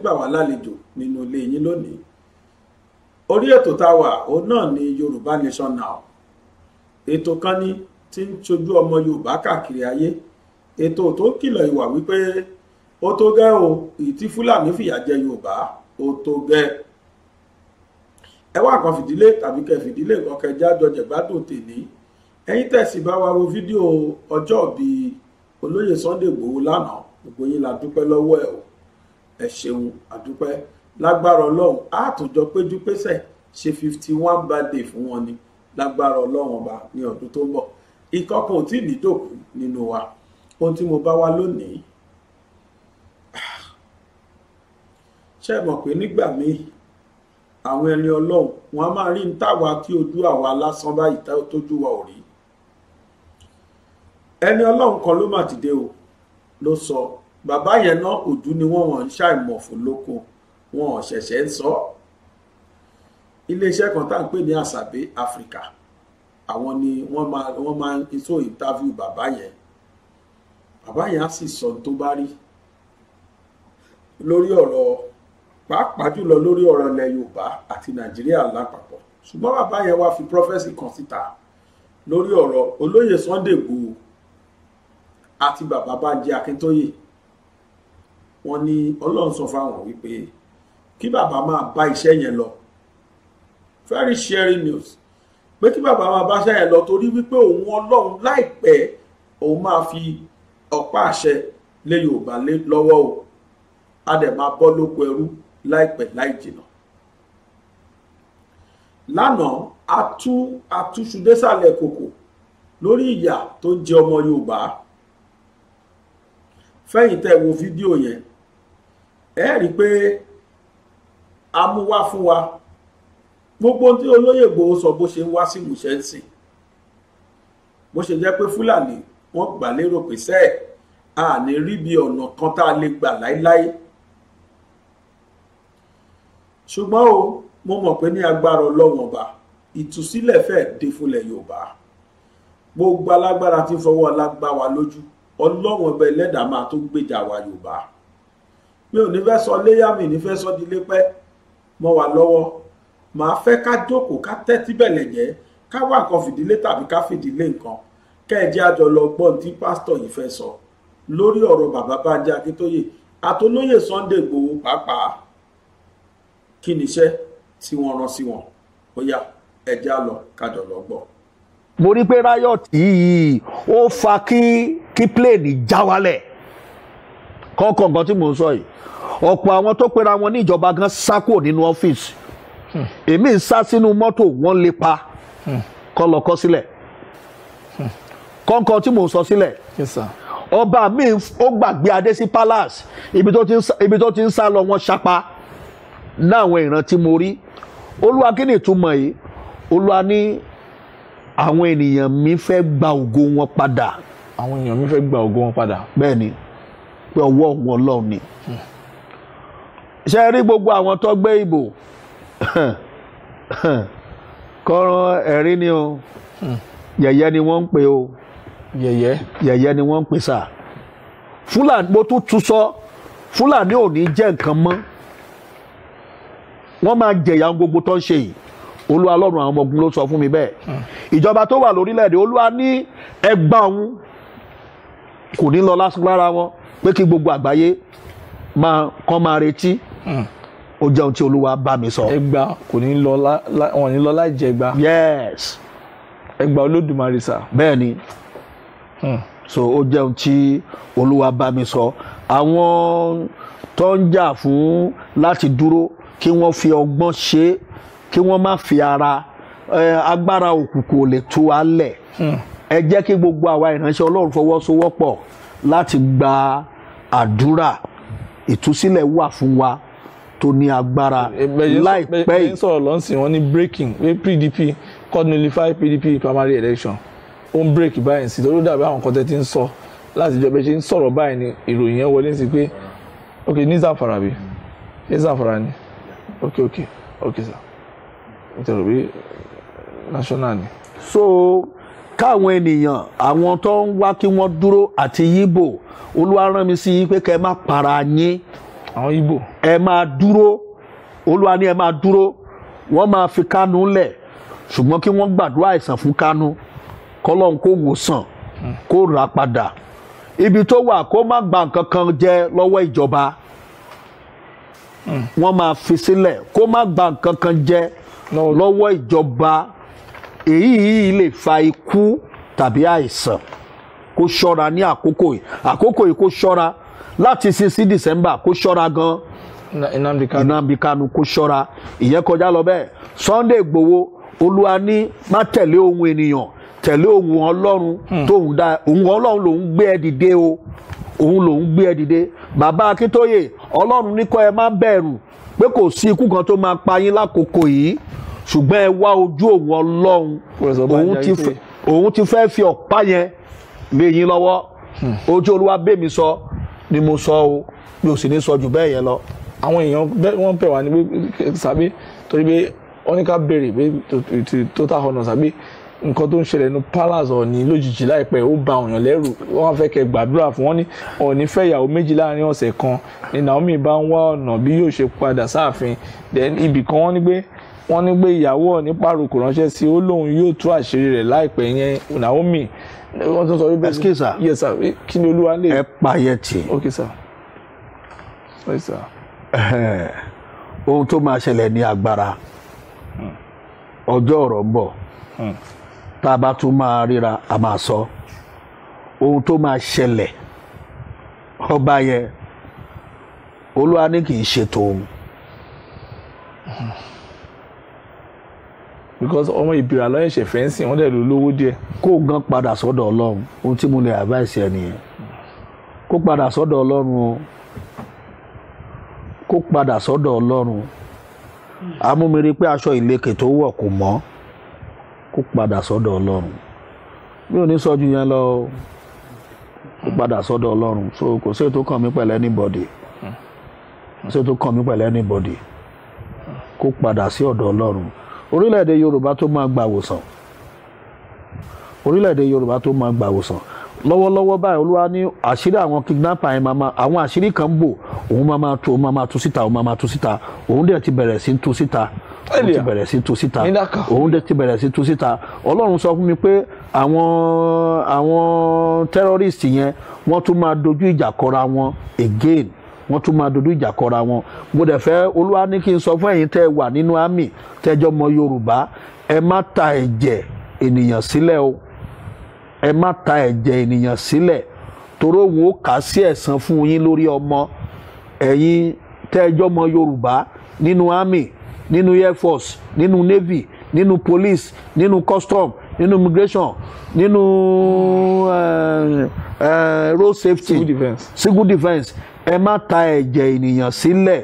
gbà wá lálejò nínú ilé yín lónìí orí ètò tá a wà òun náà ni Yorùbá Nation Now ètò kan ni tí ń ṣojú ọmọ Yorùbá káàkiri ayé ètò tó ń kìlọ̀ ìwà wípé ó tó gẹ́ o èyí tí Fúlàní fìyà jẹ Yorùbá ó tó gẹ́ ẹ wá kan fìdílé tàbí kẹ fìdílé kan kẹjá jọjẹ gbádùn tèmi ẹ̀yin tẹsí bá wa wo fídíò ọjọ́ bíi olóyè Sunday Igboho lánàá gbogbo yín la dúpẹ́ lọ́wọ́ ẹ̀ o ẹ ṣeun àdúpẹ́ lágbára ọlọ́run àtòjọ péjú pésẹ̀ ṣe fifty one birthday fún wọn ni lágbára ọlọ́run ọba ní ọdún tó ń bọ̀ ìkọkàn ò tí ì nídòkú nínú wa ohun tí mo bá wá lónìí ṣe mọ̀ pé nígbà míì àwọn ẹni ọlọ́run wọn a máa rí ní táwa tí ojú àwa lásán báyìí tójú wa ò rí ẹni ọlọ́run kan ló mà dìde o ló sọ bàbá yẹn náà òdú ni wọ́n wọ́n ń ṣàìmọ̀fò lóko wọn ò ṣẹ̀ṣẹ̀ ń sọ iléeṣẹ́ kan tá à ń pè ní àṣàbí Africa àwọn ni wọ́n máa wọ́n máa ń tó interview bàbá yẹn bàbá yẹn á sì sọ tó bá rí lórí ọ̀rọ̀ pàápàá jùlọ lórí ọ̀rọ̀ ilẹ̀ Yorùbá àti Nàìjíríà lápapọ̀ ṣùgbọ́n bàbá yẹn wá fi prọfẹ́sì kan síta lórí ọ̀rọ̀ olóyè Sunday Igboho àti bàbá Bánjí Akíntóyè wọ́n ní ọlọ́run sọ fáwọn wípé kí bàbá máa bá iṣẹ́ yẹn lọ very sharing news pé kí bàbá máa bá iṣẹ́ yẹn lọ torí wípé òun ọlọ́run láìpẹ́ òun máa fi ọ̀pá àṣẹ lé yorùbá lọ́wọ́ o a dẹ̀ máa bọ́ lóko ẹrú láìpẹ́ láì jìnà lánàá a tú àtúnṣu désàlẹ̀ kòkò lórí ìyà tó ń jẹ ọmọ yorùbá fẹ́yìntẹ́ wo fídíò yẹn ẹ rí i pé a mú wá fún wa gbogbo tí olóyè Ìgbòho sọ bó ṣe ń wá sí ìmúṣẹ ń sìn bó ṣe jẹ́ pé Fúlàní wọ́n gbà lérò pé sẹ́ẹ̀ a ní rí bí ọ̀nà kan tá a lè gbà láéláé ṣùgbọ́n o mo mọ̀ pé ní agbára ọlọ́wọ̀n ọba ìtúsílẹ̀ fẹ́ dé fúnlẹ̀ Yorùbá gbogbo alágbára ti fọwọ́ alágbá wa lójú ọlọ́wọ̀n ọba ẹlẹ́dàá máa tó gbèjà wa Yorùbá mi ò ní fẹ́ sọ léyà mi ní fẹ́ sọ di lépẹ́ mo wà lọ́wọ́ màá fẹ́ ká jókòó ká tẹ́tí bẹ̀lẹ̀ jẹ́ ká wá nǹkan fìdílé tàbí ká fìdílé nǹkan kẹ́ẹ̀jẹ́ àjọ lọ gbọ́n tí pásítọ̀ yìí fẹ́ sọ lórí ọ̀rọ̀ bàbá Bánjí Akíntóyè àtolóyè Sunday Ìgbòho pàápàá kí níṣẹ́ tí wọ́n rán sí wọn ó yá ẹ̀jẹ̀ àlọ́ kájọ lọ gbọ́. mo rí pé riot yìí ó fa kí kí pléènì já wálẹ̀ kọ́kọ́ nǹkan tí mò ń sọ yìí ọ̀pọ̀ àwọn tó pera wọn ní ìjọba gan sákò nínú ọ́fíìsì èmi ń sá sínú mọ́tò wọ́n lè pa kọ́ lọ kọ́ sílẹ̀ kọ́ńkọ́ tí mò ń sọ sílẹ̀ ọba mi ó gbàgbé adé sí palace ibi tó ti ń sá lọ wọn ṣapa láwọn ìran tí mo rí olúwa kí ni ìtumọ̀ yìí olúwa ní àwọn ènìyàn mi fẹ́ gba ògo wọn padà. àwọn ènìyàn mi fẹ́ gba ògo wọn padà. bẹ́ẹ̀ ni pé ọwọ́ òun ọlọ́run ni ṣe rí gbogbo àwọn tó gbé ìbò kọ́ran ẹ̀rín ni o yẹ̀yẹ́ ni wọ́n ń pè o yẹ̀yẹ́ yẹ̀yẹ́ ni wọ́n ń pè sà fúlàní mo tún tún sọ fúlàní ò ní jẹ́ nǹkan mọ́ wọ́n máa jẹ̀yà gbogbo tó ń ṣe yìí olúwa ọlọ́run àwọn ọmọ ogun ló sọ fún mi bẹ́ẹ̀ ìjọba tó wà lórílẹ̀‐èdè olúwa ní ẹgbàá òun kò ní lọ lásán lára wọn pé kí gbogbo àgbáyé máa kàn máa retí hmm. ó jẹ́ ohun tí olúwa bá mi sọ. ẹgbà kò ní lọ wọn ní lọ láì jẹ ẹgbà. yes. ẹgbà olódùmarè sà. bẹ́ẹ̀ ni hmm. so ó jẹ́ ohun tí olúwa bá mi sọ àwọn tó ń jà fún láti dúró kí wọ́n fi ọgbọ́n ṣe kí wọ́n má fi ara agbára òkùnkùn lè tú wa lẹ̀ hmm. ẹ jẹ́ kí gbogbo àwa ìránṣẹ́ ọlọ́run fọwọ́sowọ́pọ̀ láti gba àdúrà ìtúsílẹ̀ wà fún wa tó ní agbára eh, láìpẹ́ yìí. ẹ̀yin sọ̀rọ̀ lọ́sìn wọn ní breaking pé eh, PDP court nullify PDP primary election ó ń break báyìí sí lórí dàbí àwọn kan tẹ́ ti ń sọ láti jọ bẹ́ẹ̀ ṣe ń sọ̀rọ̀ báyìí ni ìròyìn yẹn wọlé sí pé ok ní Zamfara bí ní ok ok ok sir nítorí national ni. so káwọn ènìyàn àwọn tó ń wá kí wọ́n dúró àti yíbò olúwa rán mi sí yín pé kẹ́ ẹ má para yín àwọn yíbò ẹ máa dúró olúwa ní ẹ máa dúró wọ́n máa fi kánú lẹ̀ ṣùgbọ́n kí wọ́n gbàdúrà àìsàn fún kánú kọ́lọ́n kó wòsàn kó rà padà ibi tó wà kó má gba nǹkan kan jẹ lọ́wọ́ ìjọba hmm. wọ́n máa fi sílẹ̀ kó má gba nǹkan kan jẹ lọ́wọ́ ìjọba èyí yìí lè fa ikú tàbí àìsàn kó ṣọ́ra ní àkókò yìí àkókò yìí kó ṣọ́ra láti sin sí December kó ṣọ́ra gan Nnamdi kó ṣọ́ra ìyẹn kọjá lọ bẹ́ẹ̀ Sunday Igboho olúwa ní má tẹ̀lé ohun ènìyàn tẹ̀lé ohun ọlọ́run hmm. tóun dá ohun ọlọ́run lòun gbé ẹ dìde o òun lòun gbé ẹ dìde bàbá Akíntóyè ọlọ́run ní kọ́ ẹ má bẹ̀rù pé kò sí ikú kan tó máa pa yín lákòókò yìí ṣùgbọ́n ẹ wá ojú òun ọlọ́run òun ti fẹ́ fi ọ̀pá yẹn lé yín lọ́wọ́ hmm. ojú olúwa bèmí sọ ni mo sọ o mi ò sì ní sọ jù bẹ́ẹ̀ yẹn lọ. àwọn èèyàn wọ́n pè wá ní pé sàbí torí pé wọ́n ní béèrè pé total honour sàbí nǹkan tó ń ṣẹlẹ̀ ní palace ọ̀ní lójijì láìpẹ́ ó ba òyàn lẹ́rù wọ́n fẹ́ kẹ́ gbàdúrà fún wọn ní ọ̀ní fẹ́ ìyàwó méjì láàrin ọ̀sẹ̀ kan ni Naomi bá ń wá ọ̀nà bí yóò ṣe padà sáàfin then ibì kan wọ́n ní pé wọn ní pé ìyàwó ọ̀ní pàrokò ránṣẹ́ sí ó lóun yóò tú àṣírí rẹ̀ láìpẹ́ yẹn Naomi wọ́n tún sọ wípé kí ni olúwa lè. ẹ payẹ tì. Eh, ohun tó máa ṣẹlẹ̀ ní agbára hmm. ọjọ́ ọ̀rọ̀ ń bọ̀ hmm. tá a bá tún máa ríra a sọ ohun tó máa ṣẹlẹ̀ ọba yẹn olúwa kì í hmm. because ọmọ ìbìrà lọ́yẹ̀ ṣẹ̀ fẹ́ǹsì wọ́n dẹ̀ ló lówó díẹ̀. kó gan padà sọ́dọ̀ ọlọ́run ohun tí mo lè advice ẹ nìyẹn kó padà sọ́dọ̀ ọlọ́run o kó padà sọ́dọ̀ ọlọ́run amúmiri pé aṣọ ìlẹ̀kẹ̀ tó wọ̀ kò mọ́ kó padà sọ́dọ̀ ọlọ́run mi ò ní sọ yẹn lọ kó padà sọ́dọ̀ ọlọ́run so kò sí ètò kàn mí pẹ̀lú anybody kò sí ètò kàn mí pẹ̀lú anybody kó padà sí ọ̀dọ̀ ọlọ́run orílẹ̀-èdè yorùbá tó máa gbà wòsàn orílẹ̀-èdè yorùbá tó máa gbà wòsàn lọ́wọ́lọ́wọ́ báyìí olúwa ní àṣírí àwọn kidnapper yẹn máa àwọn àṣírí kan bò òun máa máa tú òun máa máa tú síta òun máa máa tú síta òun dẹ̀ ti bẹ̀rẹ̀ sí tú síta òun ti bẹ̀rẹ̀ sí tú síta òun dẹ̀ ti bẹ̀rẹ̀ sí tú síta ọlọ́run sọ fún mi pé àwọn àwọn terrorist yẹn wọ́n tún máa dojú ìjà kọra wọn again wọ́n tún máa dojú ìjà kọra wọn mo dẹ̀ fẹ́ olúwa ní kí n sọ fún ẹ̀yin tẹ́ ẹ wà nínú àmì tẹ́jọ́ mọ yorùbá ẹ má ta ẹ̀jẹ̀ ènìyàn sílẹ̀ o ẹ má ta ẹ̀jẹ̀ ènìyàn sílẹ̀ torí òun ó kà á sí ẹ̀san fún yín lórí ọmọ ẹ̀yin tẹ́jọ́ mọ yorùbá nínú army nínú air force nínú navy nínú police nínú custom nínú immigration nínú uh, uh, road safety civil civil defence ẹ má ta ẹ̀jẹ̀ ènìyàn sílẹ̀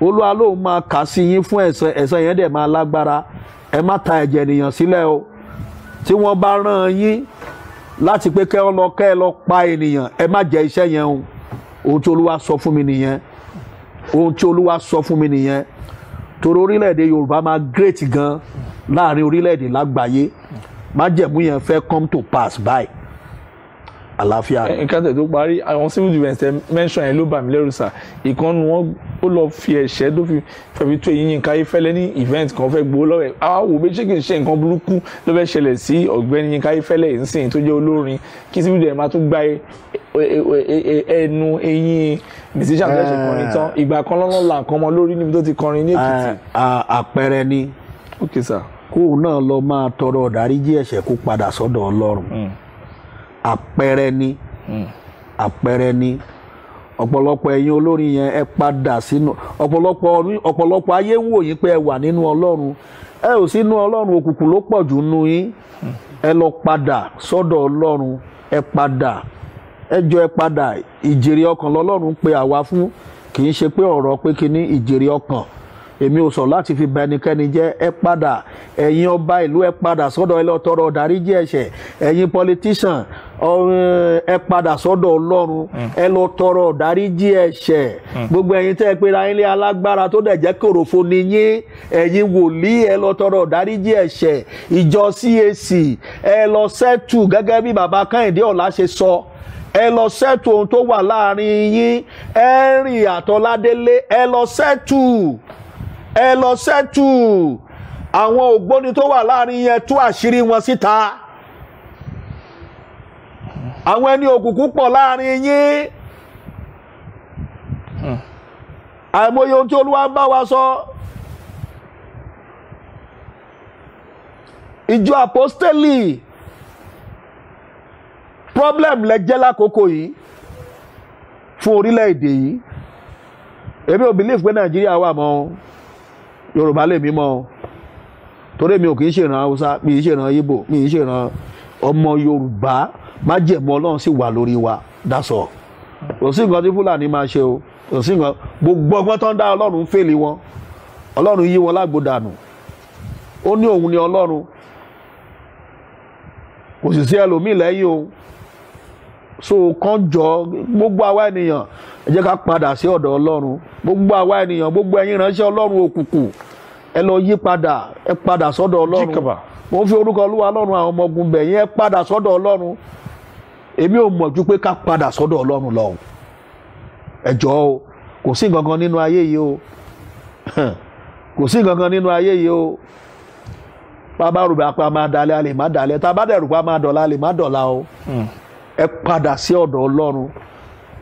olúwa lóun máa kà sí yín fún ẹ̀san ẹ̀san yẹn dẹ̀ máa lágbára ẹ má ta ẹ̀jẹ̀ ènìyàn sílẹ̀ o tí wọ́n bá rán yín láti pé kẹ́ ọ lọ kẹ́ ẹ lọ pa ènìyàn ẹ má jẹ iṣẹ́ yẹn o ohun tí olúwa sọ fún mi nìyẹn ohun tí olúwa sọ fún mi nìyẹn torí orílẹ̀-èdè yorùbá máa great gan láàrin orílẹ̀-èdè lágbàáyé májẹ̀mú yẹn fẹ́ come to pass By àlàáfíà. nǹkan tẹ̀ tó parí àwọn civil defence tẹ mẹ́ńsọ̀n yẹn ló bà mí lẹ́rù sà ìkànnì wọn ó lọ fi ẹ̀ṣẹ́ tó fi fẹ̀mí tó èyí Yínká Ayéfẹ́lẹ́ ní event kan fẹ́ gbowó lọ́wọ́ ẹ̀ àwa wò bí ṣéèkì ṣe nǹkan burúkú ló fẹ́ ṣẹlẹ̀ sí ọ̀gbẹ́ni Yínká Ayéfẹ́lẹ́ yìí nsìn tó jẹ́ olórin kí civil defence máa tún gba e, e, e, ẹnu eyín musician tó ṣe kọrin tán eh. ìgbà kan lọ́nà là nǹkan ọmọ lórí níbi tó ti kọrin ní Èkìtì. Eh, àpẹẹrẹ ni kóun náà lọ máa tọrọ ọ̀dáríjì ẹ̀ṣẹ̀ kó padà sọ́dọ̀ Ọlọ́run hmm àpẹẹrẹ ni hmm. àpẹẹrẹ ni ọ̀pọ̀lọpọ̀ ẹ̀yin olórin yẹn ẹ padà sínú ọ̀pọ̀lọpọ̀ ọ̀pọ̀lọpọ̀ ayé ń wò yín pé ẹ wà nínú ọlọ́run ẹ ò sínú ọlọ́run òkùnkùn ló pọ̀ jù nù yín ẹ lọ padà sọ́dọ̀ ọlọ́run ẹ padà ẹ jọ ẹ padà ìjèrè ọkàn lọ́lọ́run pe àwa fún kì í ṣe pé ọ̀rọ̀ pé kíní ìjèrè ọkàn èmi ò sọ láti fi bà ẹnikẹ́ni jẹ́ ẹ padà ẹ̀yin ọba ìlú ẹ padà sọ́dọ̀ ẹ lọ tọrọ dáríjì ẹ̀ṣẹ̀ ẹ̀yin politician ẹ padà sọ́dọ̀ ọlọ́run hmm. ẹ lọ tọrọ ìdáríjì ẹ̀ṣẹ̀ hmm. gbogbo ẹ̀yin tẹ́ ẹ pera ilé alágbára tó dẹ̀ jẹ́ kòròfo ni yín ẹ̀yin wòlíì ẹ lọ tọrọ ìdáríjì ẹ̀ṣẹ̀ ìjọ CAC ẹ lọ sẹ́tù gẹ́gẹ́ bí bàbá Kẹ́hìndé Ọlá ṣe sọ ẹ lọ sẹ́tù ohun tó wà láàrin yín ẹ rìn àtọ́ládélé ẹ lọ sẹ́tù ẹ lọ sẹ́tù àwọn ògbóni tó wà láàrin yẹn tú àṣírí wọn síta. Si àwọn ẹni òkùnkùn pọ̀ láàrin yín hmm. àìmọye ohun tí olúwa ń bá wa sọ ìjọ àpọ́stélì problem lẹ́jẹ́ lákòókò yìí fún orílẹ̀-èdè yìí èmi ò believe pé nàìjíríà wà mọ́ yorùbá lèmi mọ́ torí mi ò kì í ṣèràn haúsá mi ì ṣèràn ibo mi ì ṣèràn ọmọ yorùbá májẹ̀mú ọlọ́run sì wà lórí wa dasọ̀ kò sí nǹkan tí fúlàní máa ṣe o kò sí nǹkan gbogbo ọgbọ́n tó ń dá ọlọ́run ń fèlè wọn ọlọ́run yí wọn lágbo dànù ó ní òun ni ọlọ́run kò sì sí ẹlòmíì lẹ́yìn òun so kàn jọ gbogbo àwa ènìyàn ẹ jẹ́ ká padà sí ọ̀dọ̀ ọlọ́run gbogbo àwa ènìyàn gbogbo ẹ̀yin ìránṣẹ́ ọlọ́run òkùnkùn ẹ lọ yí padà ẹ padà sọ́dọ̀ ọlọ́run mo fi orúkọ olúwa ọlọ́run àwọn ọmọ ogun bẹ̀yìn ẹ padà sọ́dọ̀ ọlọ́run èmi ò mọ̀ ju pé ká padà sọ́dọ̀ ọlọ́run lọ́hùn ẹ̀jọ́ o kò sí gangan nínú ayé yìí o kò sí gangan nínú ayé yìí o bàbá rò bá pa máa dalẹ̀ a lè má dalẹ̀ tá a bá dẹ̀ rò pa máa dọ̀la a lè má dọ̀la o ẹ padà sí ọ̀dọ̀ ọlọ́run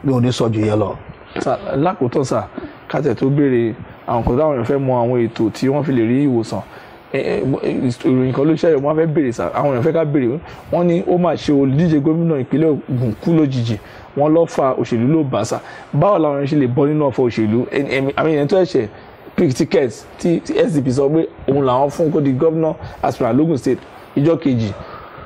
mi ò ní sọ yẹn lọ. lákòótọ́ sà ká tó béèrè àwọn kò dáhùn ìfẹ́ mọ àwọn ètò tí wọ́n fi lè rí ìwòsàn ìròyìn kan ló ṣẹyọ wọn fẹ́ béèrè sá àwọn èèyàn fẹ́ ká béèrè wọn ní ó mà ṣe olùdíje gómìnà ìpínlẹ̀ Ògùn kú lójijì wọn lọ fa òṣèlú ló bà sá báwo làwọn èèyàn ṣe lè bọ́ nínú ọ̀fọ̀ òṣèlú àmì ẹni tó ẹ̀ṣẹ̀ pick ticket tí SDP sọ pé òun làwọn fún kó di gómìnà aspirant lógùn state ìjọ kejì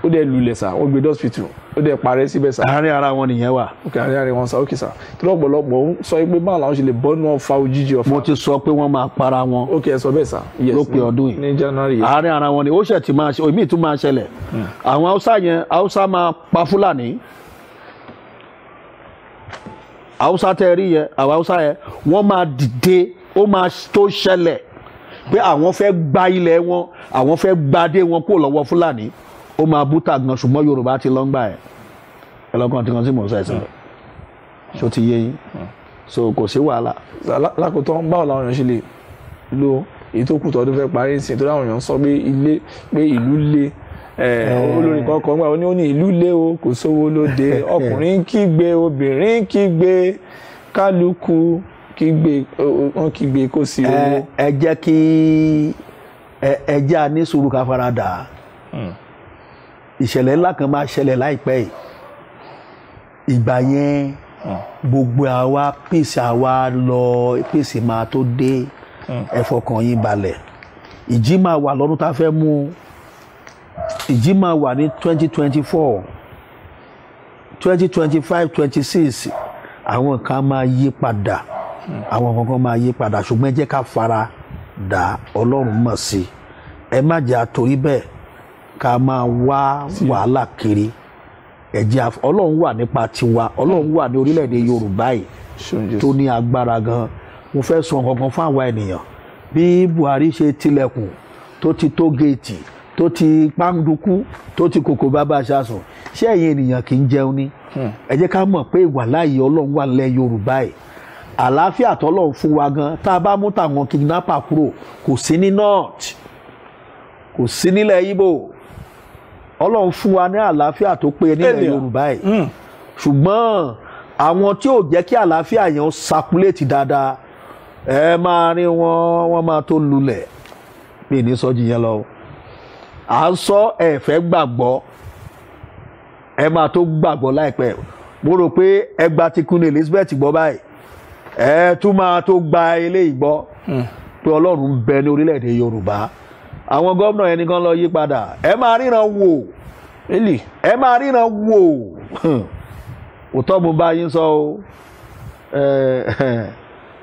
ó dẹ̀ lulẹ̀ sà wọ́n gbé dọ́sítù ó dẹ̀ parẹ́ síbẹ̀ sà. àárín ara wọn nìyẹn wà. ok àárín ara wọn sà ok sa. tí lọ́pọ̀lọpọ̀ ń sọ pé báwo làwọn ṣe lè bọ́ náà fa òjijì ọ̀fà. mo ti sọ pé wọ́n máa para wọn. ok ẹ sọ bẹ́ẹ̀ sà. yes lópin ọdún yìí ní january yìí. àárín ara wọn ni ó ṣẹ̀ tí máa ṣe omi tún máa ṣẹlẹ̀. Hmm. àwọn haúsá yẹn haúsá máa pa fúlàní. haúsá tẹ rí yẹn àwọn haúsá yẹn wọ́n máa dìde ó máa tó ṣẹlẹ̀ pé àwọn fẹ́ gba ilẹ̀ wọn àwọn fẹ́ gbadé wọn kó lọ́wọ́ fúlàní ó máa bú tàgàn ṣùgbọ́n yorùbá ti lọ́ ń gbà ẹ̀ ẹlọ́kàn tí kan tí mò ń sọ ṣó ti yé yín so kò sí wàhálà. lákòótọ́ báwo làwọn èèyàn ṣe lè lo èyí tó kù tọdún fẹ́ parí ìsìn tó láwọn èèyàn sọ pé ilé pé ìlú le olórin kankan gbà ó ní ó ní ìlú le o kò sówó lóde ọkùnrin kígbe obìnrin kígbe kálukú kígbe wọn kígbe kó sí owó. ẹ jẹ́ kí ẹ jẹ́ àní sùúrù ká fara dà á ìṣẹ̀lẹ̀ ńlá kan máa ṣẹlẹ̀ láìpẹ́ yìí ìgbà yẹn gbogbo àwa pèsè àwa lọ pèsè máa tó dé ẹ fọkàn yín balẹ̀ ìjì máa wà lọ́dún tá a fẹ́ mú ìjì máa wà ní twenty twenty four twenty twenty five twenty six àwọn kan máa yí padà àwọn kankan máa yí padà ṣùgbọ́n ẹ jẹ́ ká fara dà ọlọ́run mọ̀ sí ẹ má jẹ́ àtòrí bẹ́ẹ̀ ká máa wá wàhálà kiri ẹ̀jẹ̀ ọlọ́run wà nípa tiwa ọlọ́run wà ní orílẹ̀-èdè yorùbá yìí tó ní agbára gan mo fẹ́ sọ kankan fún àwa ènìyàn bí buhari ṣe tilẹ̀kùn tó ti tó géètì tó ti pàǹdùkú tó ti kòkò bàbá aṣáṣùn ṣé ẹ̀yin ènìyàn kì í jẹun ni hmm. ẹ jẹ́ ká mọ̀ pé ìwà láàyè wà nílẹ̀ yorùbá yìí àlàáfíà tọ́lọ́run fún wa gan tá a bá mú tàwọn kidnapper kúrò kò sí ní north kò sí nílẹ̀ ibo ọlọ́run fún wa ní àlàáfíà tó pé nílẹ̀ yorùbá yìí hmm. ṣùgbọ́n àwọn tí ò jẹ́ kí àlàáfíà yẹn ó sakuléètì dáadáa ẹ máa rí wọn wọn máa tó lulẹ̀ pé ní sọ́jú yẹn lọ à ń sọ ẹ̀fẹ́ gbàgbọ́ ẹ máa tó gbàgbọ́ láìpẹ́ mo rò pé ẹ gba ti Queen Elizabeth gbọ́ báyìí ẹ tún máa tó gba eléyìí gbọ́ hmm. pé ọlọ́run bẹ ní orílẹ̀-èdè yorùbá àwọn gómìnà yẹn nìkan lọ yí padà ẹ máa ríran wò ẹ máa ríran wò hmm. òótọ́ mo bá yín sọ o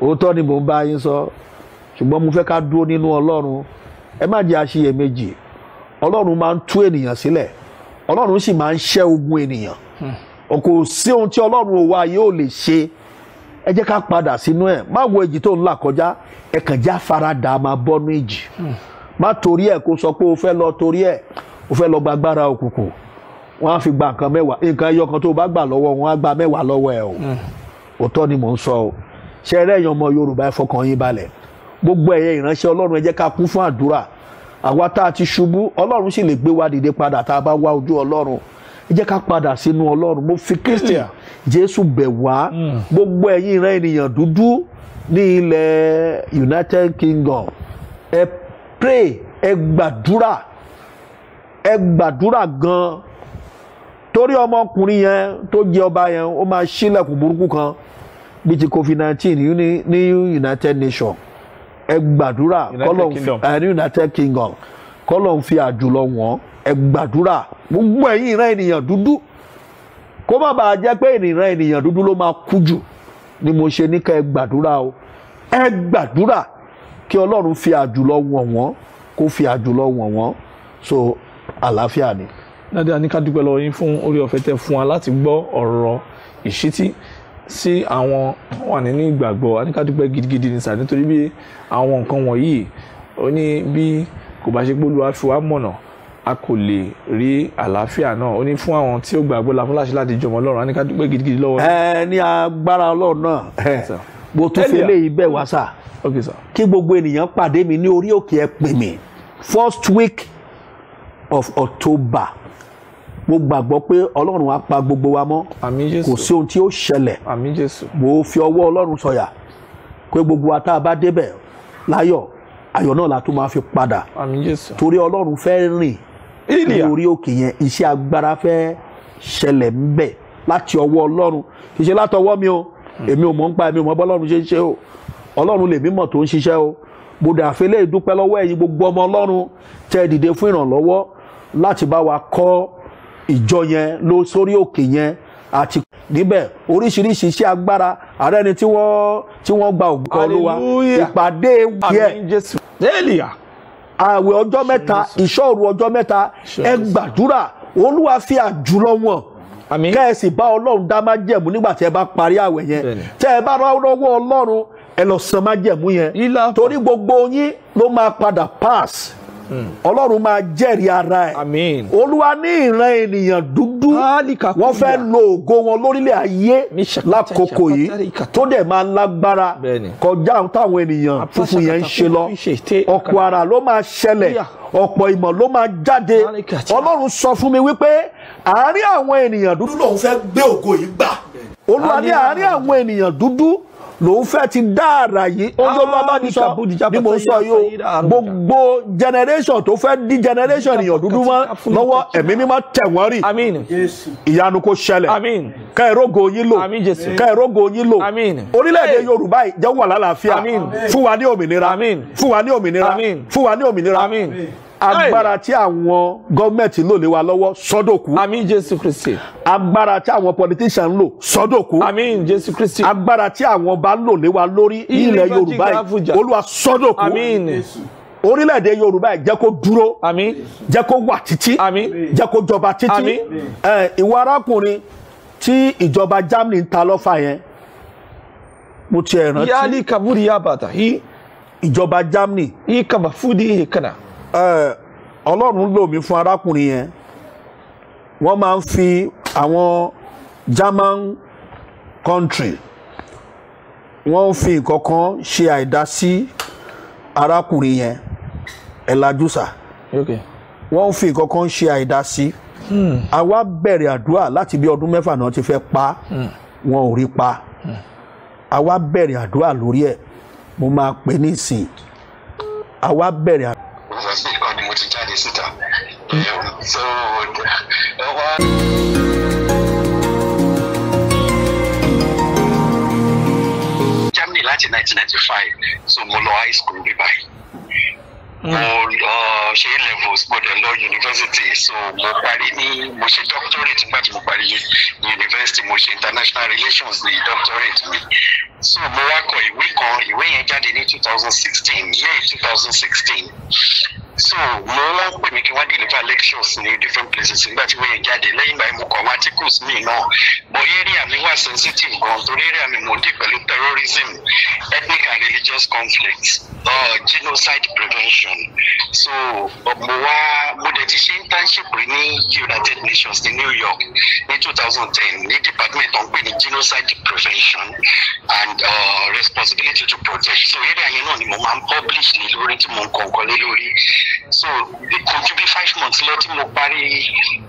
òótọ́ ni mo bá yín sọ ṣùgbọ́n mo fẹ́ ká dúró nínú ọlọ́run ẹ má jẹ́ àṣeyèméjì ọlọ́run máa ń tú ènìyàn sílẹ̀ ọlọ́run sì máa ń ṣẹ́ ogun ènìyàn hmm. kò sí ohun tí ọlọ́run òwa yóò lè ṣe ẹ jẹ́ ká padà sínú ẹ̀ má wo èjì tó ń là kọjá ẹ kàn já faradà máa bọ́nú èjì. Hmm má torí ẹ̀ kó sọ pé o fẹ́ lọ torí ẹ̀ o fẹ́ lọ gba agbára òkùnkùn wọ́n á fi gba nǹkan mẹ́wàá nǹkan ẹyọ kan tó bá gbà lọ́wọ́ wọn á gba mẹ́wàá lọ́wọ́ ẹ̀ o òótọ́ ni mò ń sọ o ṣe eré ọmọ Yorùbá ẹ yín balẹ̀ gbogbo ẹ̀yẹ ìránṣẹ́ Ọlọ́run ẹ ká kún fún àdúrà àwa tá a ti ṣubú Ọlọ́run sì lè gbé wa dìde padà tá a bá wá ojú Ọlọ́run ẹ jẹ́ ká padà sínú Ọlọ́run mo fi Kristi hmm. Jésù bẹ̀ wá hmm. gbogbo ẹ̀yin ìran ènìyàn dúdú ní ilẹ̀ United Kingdom ẹ pray ẹ gbàdúrà ẹ gbàdúrà gan-an torí ọmọkùnrin yẹn tó jẹ ọba yẹn ó máa ṣílẹ̀kùn burúkú kan bíi ti covid nineteen ní United Nations ẹ gbàdúrà kọ́lọ̀ ní United Kingdom kọ́lọ̀ ń fi àjùlọ wọ́n ẹ gbàdúrà gbogbo ẹ̀yin ìran ènìyàn dúdú kó má bàa jẹ́ pé ìran ènìyàn dúdú ló máa kú jù ni mo ṣe ní ká ẹ gbàdúrà o ẹ gbàdúrà kí ọlọ́run fi àjùlọ wọ̀n wọ́n kó fi àjùlọ wọ̀n wọ́n so àlàáfíà ni. dádì a ní ká dúpẹ́ lọ́wọ́ yín fún orí ọ̀fẹ́ tẹ́ fún wa láti gbọ́ ọ̀rọ̀ ìṣítí sí àwọn wà nínú ìgbàgbọ́ a ní ká dúpẹ́ gidigidi ní sàdé torí bí àwọn nǹkan wọ̀nyí ó ní bí kò bá ṣe pé Olúwa fi wá mọ̀nà a kò lè rí àlàáfíà náà ó ní fún àwọn tí ó gbàgbọ́ la fún láṣẹ láti jọmọ Ọlọ́run a ní ká dúpẹ́ gidigidi lọ́wọ́. ẹ ní agbára Ọlọ́run náà mo tún fi eléyìí bẹ̀ wá sà kí gbogbo ènìyàn pàdé mi ní orí òkè ẹ pè mí first week of October mo gbàgbọ́ pé ọlọ́run á pa gbogbo wa mọ́ kò sí ohun tí ó ṣẹlẹ̀ mo fi ọwọ́ ọlọ́run sọ̀yà pé gbogbo wa tá a bá débẹ̀ láyọ̀ ayọ̀ náà la tún máa fi padà torí ọlọ́run fẹ́ rìn ní orí òkè yẹn iṣẹ́ agbára fẹ́ ṣẹlẹ̀ ń bẹ̀ láti ọwọ́ ọlọ́run kì í ṣe látọwọ́ mi o. Hmm. èmi ò mọ̀ ń pa èmi ò mọ̀ bọ́lọ́run ṣe ń ṣe o ọlọ́run lè mímọ̀ tó ń ṣiṣẹ́ o mo dà fi lè dúpẹ́ lọ́wọ́ ẹ̀yin gbogbo ọmọ ọlọ́run tẹ́ dìde fún ìrànlọ́wọ́ láti bá wa kọ́ ìjọ yẹn lọ sórí òkè yẹn àti níbẹ̀ oríṣiríṣi iṣẹ́ agbára ààrẹ ni tí wọ́n tí wọ́n gba ògbó olúwa ìpàdé yẹ àwẹ̀ ọjọ́ mẹ́ta ìṣọ́òru ọjọ́ mẹ́ta àmín kẹ́ẹ̀sì bá ọlọ́run dá májẹ̀mú nígbà tí ẹ bá parí àwẹ̀ yẹn tẹ́ ẹ bá rọ́wọ́ ọlọ́run ẹ lọ san májẹ̀mú yẹn torí gbogbo yín ló máa padà pass hmm. ọlọ́run máa jẹ́rìí ara ẹ̀ àmín olúwa ní ìran ènìyàn dúdú wọ́n fẹ́ lo ògo wọn lórílẹ̀ ayé lákòókò yìí tó dẹ̀ máa lágbára kọjá táwọn ènìyàn funfun yẹn ń ṣe lọ ọ̀pọ̀ ara ló máa ṣẹlẹ̀ ọ̀pọ̀ ìmọ̀ ló máa jáde ọlọ́run sọ fún mi wípé àárín àwọn ènìyàn dúdú lòun fẹ́ gbé ògo yìí gbà. olúwa ní àárín àwọn ènìyàn dúdú lòun fẹ́ ti dáàrà yìí ọjọ́ bàbá mi sọ ni mo sọ yìí o gbogbo generation tó fẹ́ di generation ènìyàn dúdú mọ́ lọ́wọ́ ẹ̀mí mímọ́ tẹ̀ wọ́n rì ìyanu kó ṣẹlẹ̀ kẹ́ẹ̀rọ́gò yín lò kẹ́ẹ̀rọ́gò yín lò orílẹ̀-èdè Yorùbá jẹ́ wà lálàáfíà fún wa ní òmìnira fún wa ní òmìnira fún wa ní òmìnira agbára tí àwọn gọọmenti lò lé wa lọ́wọ́ sọ́dọ̀kú. àmín jésù kristi. agbára tí àwọn politician lò sọ́dọ̀kú. àmín jésù Christi. agbára tí àwọn ọba lò lé wa lórí ilẹ̀ yorùbá yìí olúwa sọ́dọ̀kú. àmín orílẹ̀-èdè yorùbá yìí jẹ́ kó dúró. àmín jẹ́ kó wà títí. àmín jẹ́ kó jọba títí. àmín ẹ ìwọ arákùnrin tí ìjọba germany ń ta lọ́fà yẹn mo tiẹ̀ rántí. yálì kaburi yabata. ìjọba germany. ikaba fúdi ìkànnà Eh, ọlọ́run lò mí fún arákùnrin yẹn wọ́n máa ń fi àwọn German country wọ́n ń fi nǹkan kan ṣe àìdásí arákùnrin yẹn Elajusa wọ́n ń fi nǹkan kan ṣe àìdásí àwa hmm. bẹ̀rẹ̀ àdúrà láti bí ọdún mẹ́fà náà ti fẹ́ pa hmm. wọn ò rí pa àwa hmm. bẹ̀rẹ̀ àdúrà lórí ẹ̀ mo máa pè é nísìn àwa bẹ̀rẹ̀ àdúrà síta. so ẹ wá. Germany láti 1995 so mo lọ high school bí báyìí mo lọ ṣe levels mo dẹ̀ lọ university so mo parí ní mo ṣe doctorate nígbà tí mo parí university mo ṣe international relations ní doctorate mi so mo wá kọ ìwé kan ìwé yẹn jáde ní two thousand sixteen year two thousand sixteen so mo wọ́n pè mí kí wọ́n deliver lectures ní different places nígbà tí wọ́n yẹ jáde lẹ́yìn ìgbà yẹn mo kọ àwọn articles míì náà bọ area mi wà sensitive gan torí area mi mo dé pẹ̀lú terrorism ethnic and religious conflict uh, genocide prevention so mo wá mo dẹ̀ ti ṣe internship rí ní United Nations ní New York ní 2010. thousand ní department tó ń pè ní genocide prevention and uh, responsibility to protect so area yẹn náà ni mo máa publish ní lórí tí mo ń kọ̀ọ̀kan lé lórí so kò ju bí five months lọ tí mo parí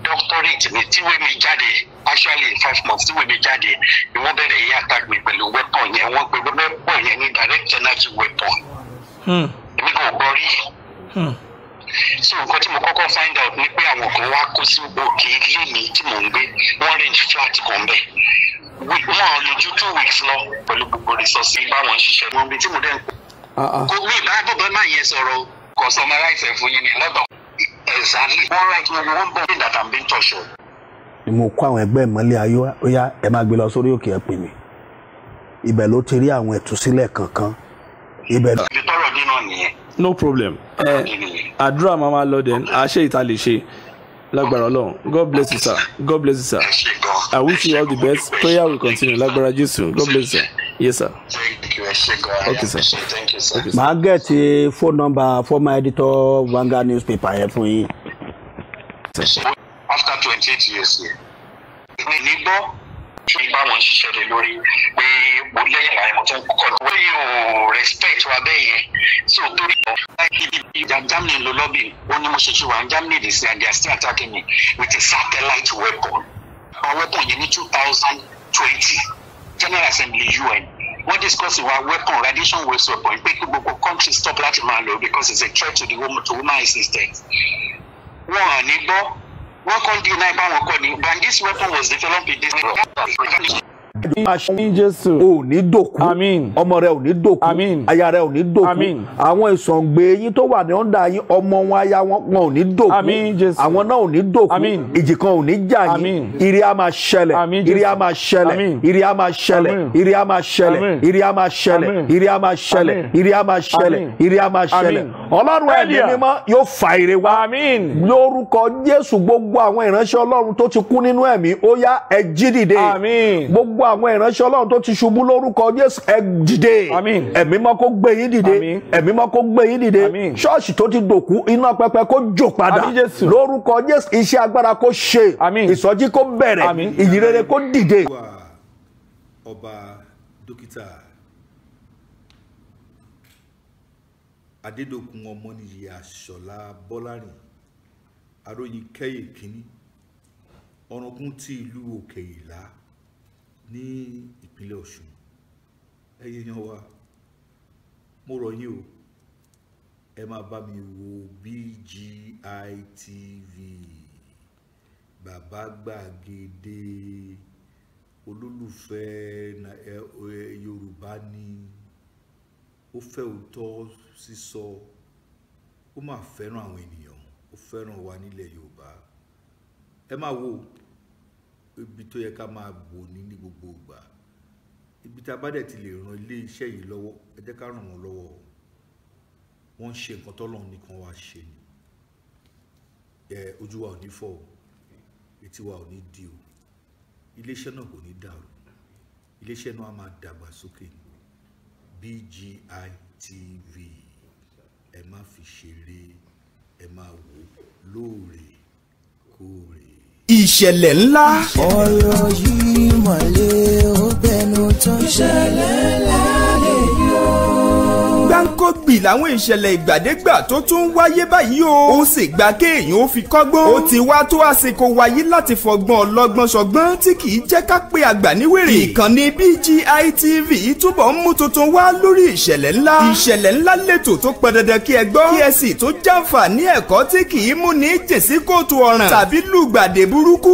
doctorate mi tíwé mi jáde actually five months tíwé mi jáde ni wọ́n bẹ̀rẹ̀ yí attack mi pẹ̀lú weapon yẹn wọ́n pẹ̀lú weapon yẹn ní direct energy weapon hmm. èmi kò gbọ́ rí hmm. so nǹkan tí mo kọ́kọ́ find out ni pé àwọn kan wá kó sí òkè ilé mi tí mò ń gbé wọ́n rent flat kan bẹ́ẹ̀ wọ́n lójú two weeks lọ pẹ̀lú gbogbo resources báwọn ṣiṣẹ́ wọn bí tí mo dẹ́ ń ah, ah. kó mi ìbá bọ́bọ́ máa yẹn sọ̀rọ̀ o kàn summarize ẹ̀ fún yín ní lọ́dọ̀ exactly wọ́n right wọ́n wọ́n bọ̀ that I'm being tortured. ni mo kó àwọn ẹgbẹ́ ìmọ̀lẹ́ ayé wa ẹ máa gbé lọ sórí òkè ẹ pè mí ibẹ̀ ló ti rí àwọn ẹ̀túnṣílẹ̀ kankan ibẹ̀ ló. dínà nìyẹn. no problem eh, ẹ àdúrà máa máa lọ dẹn àṣẹ ìta lè ṣe lágbára Ọlọ́run god bless you sir god bless you sir i wish you all the best prayer will continue lágbára Jésù god bless you sir yes sir. thank you ẹ ṣe gan ayé àpèṣe thank you sir. màá gẹ̀ẹ́tì fóònù nọ́mbà former editor Vanguard newspaper yẹn fún yín. after twenty eight years yẹn èmi ní gbọ́ ṣe bá wọn ṣiṣẹ́ lé lórí pé mo lẹ́yìn àwọn tó ń kọ́ lọ́wọ́ yìí ò respect wa bẹ́ẹ̀ yẹn so torí ìjà Germany ló lọ́bì ó ní mo ṣe ṣe wà Germany dì sí and they are still attacking me with a satellite weapon àwọn weapon yẹn ní two thousand twenty. General Assembly UN wọ́n discuss wa weapon radiation waste weapon pé kí gbogbo country stop láti máa lò because it's a threat to the woman to woman existence. wọ́n à ní gbọ́ wọ́n kàn deny báwọn kọ́ ni but this weapon was developed in this àjò aṣọ ní jésù ò ní dòkú ọmọ rẹ ò ní dòkú aya rẹ ò ní dòkú àwọn ìsọ̀ǹgbẹ yín tó wà ní ọ̀dà yín ọmọ wọn aya wọn ò ní dòkú àwọn náà ò ní dòkú ìjì ò ní jà yín ìrì á máa ṣẹlẹ̀ ìrì á máa ṣẹlẹ̀ ìrì á máa ṣẹlẹ̀ ìrì á máa ṣẹlẹ̀ ìrì á máa ṣẹlẹ̀ ìrì á máa ṣẹlẹ̀ ìrì á máa ṣẹlẹ̀ ìrì á máa ṣẹlẹ̀ ọlọ́run ẹ̀mí mímọ́ yóò fa ire wá lórúkọ jésù gbogbo àwọn ìránṣẹ́ ọlọ́run tó ti kú nínú ẹ̀mí ó yá ẹ jí dìde gbogbo àwọn ìránṣẹ́ Ọlọ́run tó ti ṣubú lórúkọ Jésù ẹ dìde ẹ̀mí mọ́ kó gbé yín dìde ẹ̀mí mọ́ kó gbé yín dìde ṣọ́ọ̀ṣì tó ti dòkú iná pẹpẹ kó jò padà lórúkọ Jésù iṣẹ́ agbára kó ṣe ìsọjí kó bẹ̀rẹ̀ ìyìnrere kó dìde. ọba dókítà adédọ̀kun ọmọnìyí àṣọlá bọ́lárìn aróyin kẹ́yìn kínní ọ̀rànkún ti ìlú òkè ìlà ní ìpínlẹ̀ Ọ̀ṣun ẹ̀yin èèyàn wa mo rọ̀ yín o ẹ máa bá mi wo BGI TV bàbá gbàgede olólùfẹ́ Yorùbá ni ó fẹ́ òótọ́ sísọ ó máa fẹ́ràn àwọn ènìyàn ó fẹ́ràn wa nílẹ̀ Yorùbá ẹ máa wo ibi tó yẹ ká máa bò ní ní gbogbo ìgbà ibi tá a bá dẹ̀ ti lè ran ilé iṣẹ́ yìí lọ́wọ́ ẹ jẹ́ ká ràn wọ́n lọ́wọ́ wọ́n ń ṣe nǹkan tọ́lọ́run nìkan wá ṣe ni ojú wa ò ní fọ́ o etí wa ò ní di o iléeṣẹ́ náà kò ní dàrú iléeṣẹ́ náà a máa dàgbà sókè ni BGI TV ẹ má fi ṣeré ẹ máa wò lóòrèkóòrè ìṣẹ̀lẹ̀ ńlá. ọ̀rọ̀ yìí mọ̀lẹ́ ó bẹnu tán. ìṣẹ̀lẹ̀ ńlá lè yọ gbòǹgbì làwọn ìṣẹ̀lẹ̀ ìgbàdégbà tó tún wáyé báyìí o. ó sì gba kéèyàn ó fi kọ́gbọ́n. ó ti wá tó àsìkò wáyé láti fọgbọ́n ọlọ́gbọ́n tí kì í jẹ́ ká pé àgbà níwèrè. ìkànnì BGI TV túbọ̀ ń mú tuntun wá lórí ìṣẹ̀lẹ̀ ńlá. ìṣẹ̀lẹ̀ ńlá lètò tó pọn dandan kí ẹ gbọ́. kí ẹ sì tó jàǹfà ní ẹ̀kọ́ tí kì í mú ní jèsí kóòtù ọ̀ràn. tàbí lùgbàdì burúkú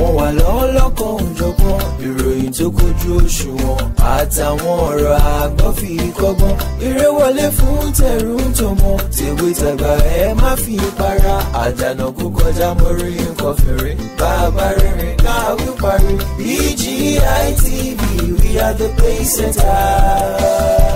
wọ́n wà lọ́wọ́ lọ́kọ̀ òjọ̀gbọ́n ìròyìn tó kojú òṣùwọ̀n àtàwọn ọ̀rọ̀ àgbọ́ kọ́gbọ́n eré wọlé fún tẹ̀rù ń tọmọ tèwe tàgbà ẹ má fi para àdànà kó kọjá mọ́rí nǹkan fèrè bàbá rìnrìn káwí parí BGI e we are the pace setters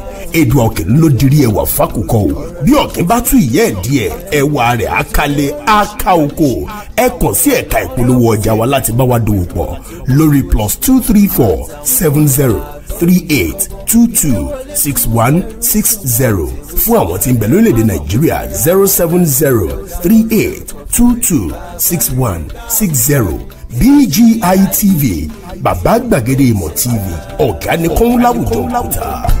èdùn ọ̀kẹ́ ló dirí ẹwà fákòkò o bí ọ̀kẹ́ bá tú ìyẹ́ ẹ̀ ẹwà rẹ̀ àkàlẹ̀ àkà oko ẹ kàn sí ẹ̀ka ìpolówó ọjà wa láti bá wa dòwò pọ̀ lórí plus two three four seven zero three eight two two six one six zero fún àwọn tí ń bẹ lórílẹ̀ nàìjíríà zero seven zero three eight two two six one six zero BGI TV bàbá gbàgede ìmọ̀ TV ọ̀gá ni kọ́ńláwùjọ kùtà